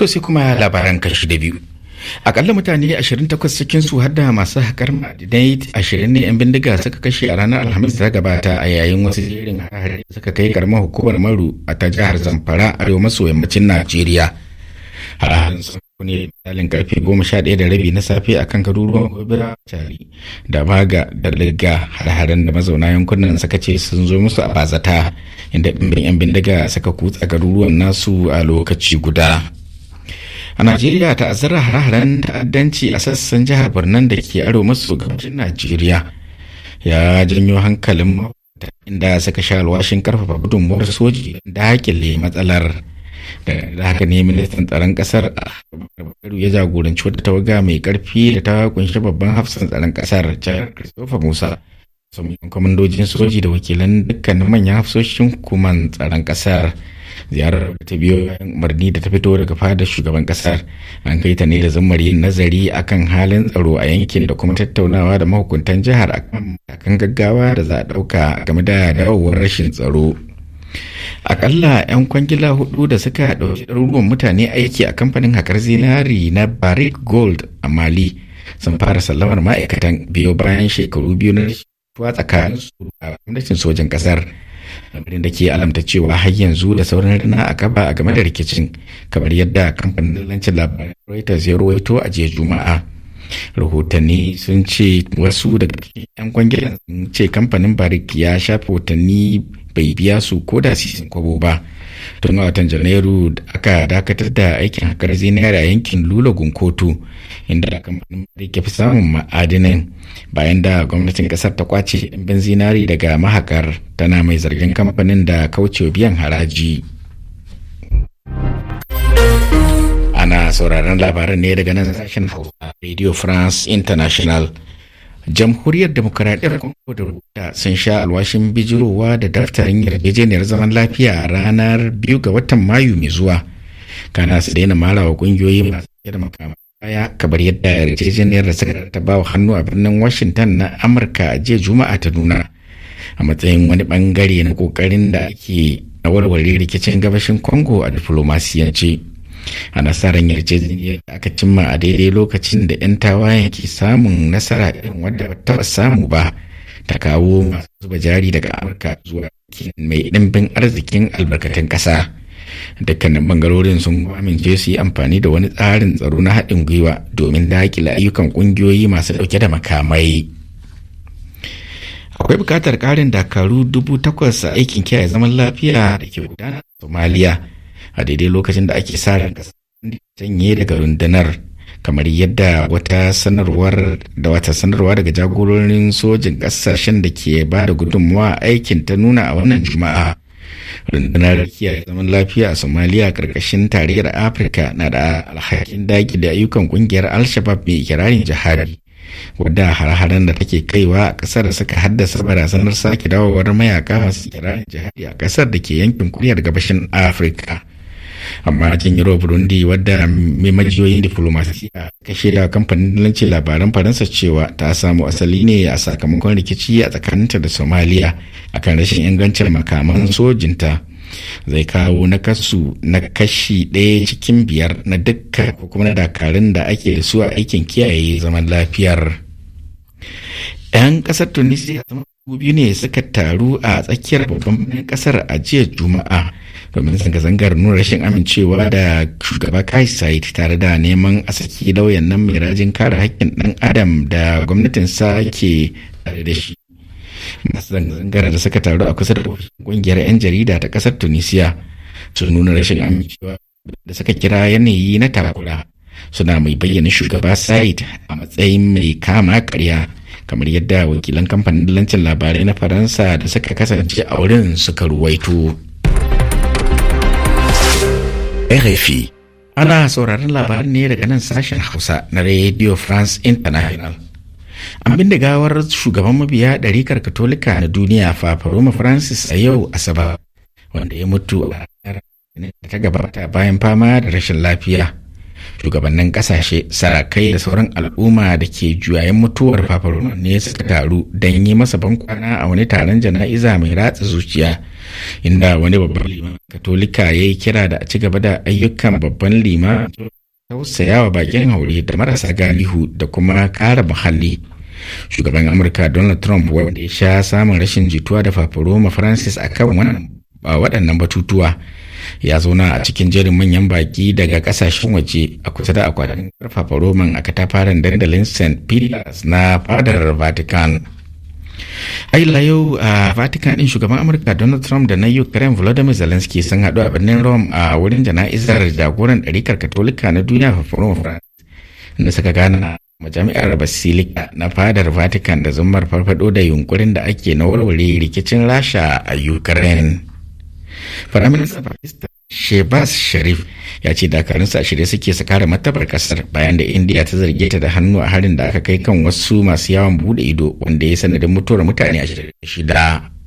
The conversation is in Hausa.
to sai kuma labaran kashi da biyu akalla mutane 28 cikin su har da masu haƙar ma'adinai 20 ne 'yan bindiga suka kashe a ranar alhamis ta gabata a yayin wasu jerin hari suka kai karamar hukumar maru a ta jihar zamfara arewa maso yammacin najeriya har ne misalin karfe ɗaya da rabi na safe a kan garuruwan gobira cari da baga da riga da mazauna yankunan suka ce sun zo musu a bazata inda 'yan bindiga suka kutsa garuruwan nasu a lokaci guda a najeriya ta'azzara hare-haren ta'addanci a sassan jihar birnin da ke aro maso gabashin najeriya ya janyo hankalin inda suka sha alwashin karfafa gudunmuwar soji da hakile matsalar da haka ne ministan tsaron kasar a ya jagoranci wata tawaga mai karfi da ta kunshi babban hafsan tsaron kasar jihar christopher musa sun kwamandojin soji da wakilan dukkanin manyan hafsoshin kuman tsaron kasar ziyarar ta biyo umarni da ta fito daga fadar shugaban kasar an kai ta ne da zammar yin nazari akan halin tsaro a yankin da kuma tattaunawa da mahukuntan jihar akan gaggawa da za a ɗauka game da dawowar rashin tsaro akalla 'yan kwangila hudu da suka ɗauki ɗaruruwan mutane aiki a kamfanin hakar zinari na barrick gold a mali sun fara sallamar ma'aikatan biyo bayan shekaru biyu na tsakanin su a gwamnatin sojan kasar. Kamfanin da ke alamta cewa har yanzu da sauran rana a gaba a game da rikicin kamar yadda kamfanin lancin labaran reuters ya rawaito a jiya juma'a rahotanni sun ce wasu daga cikin 'yan kwangilan sun ce kamfanin barik ya shafe watanni bai biya su ko da sisin kwabo ba tun a watan janairu aka dakatar da aikin hakar a yankin lula kotu inda kamfanin ke fi samun ma'adinin bayan da gwamnatin kasar ta kwace ɗimbin zinari daga mahakar tana mai zargin kamfanin da kaucewa biyan haraji ana sauraron labaran ne daga nan sashen hausa radio france international jamhuriyar demokuraɗiyyar Kongo da rubuta sun sha alwashin bijirowa da daftarin yarjejeniyar zaman lafiya a ranar biyu ga watan mayu mai zuwa kana su daina marawa kungiyoyi masu da makamai baya kabar yadda yarjejeniyar da suka ta bawa hannu a birnin washington na amurka a jiya juma'a ta nuna a matsayin wani bangare na kokarin da ake na warware rikicin gabashin Kongo a diflomasiyance A nasarar yarjejeniyar da aka cimma a daidai lokacin da 'yan tawayen ke samun nasara irin wadda ba taba samu ba ta kawo masu zuba jari daga amurka zuwa mai ɗimbin arzikin albarkatun ƙasa dukkanin bangarorin sun amince su yi amfani da wani tsarin tsaro na haɗin gwiwa domin daƙile ayyukan ƙungiyoyi masu ɗauke da makamai akwai buƙatar ƙarin dakaru dubu takwas a aikin kiyaye zaman lafiya da ke gudana a somaliya a daidai lokacin da ake sa ran sanye daga rundunar kamar yadda wata sanarwar da wata sanarwa daga jagororin sojin kasashen da ke ba da gudunmawa aikin ta nuna a wannan juma'a rundunar ya zaman lafiya a somaliya karkashin tarayyar afirka na da alhakin daki da ayyukan kungiyar al-shabab mai ikirarin jihari wadda har-haren da take kaiwa a kasar suka haddasa barazanar sake dawowar mayaka masu kirarin jihadi a kasar da ke yankin kuriyar gabashin afirka amma yaro burundi wadda mai majiyoyin diflomasiya kashe da kamfanin dalancin labaran faransa cewa ta samu asali ne a sakamakon rikici a tsakaninta da somaliya akan rashin ingancin makaman sojinta zai kawo na kasu na kashi ɗaya cikin biyar na dukkan ko kuma na dakarun da ake da su a aikin kiyaye zaman lafiyar 'yan ƙasar tunisia biyu ne suka taru a tsakiyar babban birnin kasar a jiya juma'a domin zanga-zangar nuna rashin amincewa da shugaba kai said tare da neman a saki lauyan nan mai rajin kare haƙƙin ɗan adam da gwamnatinsa ke tare da shi masu zanga-zangar da suka taru a kusa da ƙungiyar 'yan jarida ta ƙasar tunisia sun nuna rashin amincewa da suka kira yanayi na takura suna mai bayyana shugaba said a matsayin mai kama karya kamar yadda wakilan kamfanin lancin labarai na faransa da suka kasance a wurin suka ruwaito RFI. Ana sauraron labaran ne daga nan sashen Hausa na Radio France International. An da gawar shugaban mabiya ɗarikar Katolika na duniya Papa Roma Francis a yau Asabar, wanda ya mutu a ranar da ta gabata bayan fama da rashin lafiya. shugabannin kasashe sarakai da sauran al'umma da ke juyayen mutuwar fafaroma ne suka taru don yi masa bankwana a wani taron jana'iza mai ratsa zuciya inda wani babban liman katolika ya yi kira da a ci gaba da ayyukan babban liman wa bakin haure da marasa galihu da kuma kara muhalli shugaban amurka donald trump wanda ya sha samun rashin jituwa da fafaroma francis akan wannan ba waɗannan batutuwa ya zauna a cikin jerin manyan baki daga kasashen waje a kusa da akwatin karfafa roman a katafaren dandalin st peters na fadar vatican yi yau a vatican din shugaban amurka donald trump da na ukraine volodymyr zelensky sun haɗu a birnin rome a wurin jana'izar jagoran ɗarikar katolika na duniya a France da suka gana majami'ar basilica na fadar vatican da zumar farfado da yunkurin da ake na warware rikicin rasha a ukraine Firaministan Pakistan Shebas Sharif ya ce dakarunsa a shirye suke su kare martabar kasar bayan da India ta zarge ta da hannu a harin da aka kai kan wasu masu yawon bude ido wanda ya sanadin mutuwar mutane a shida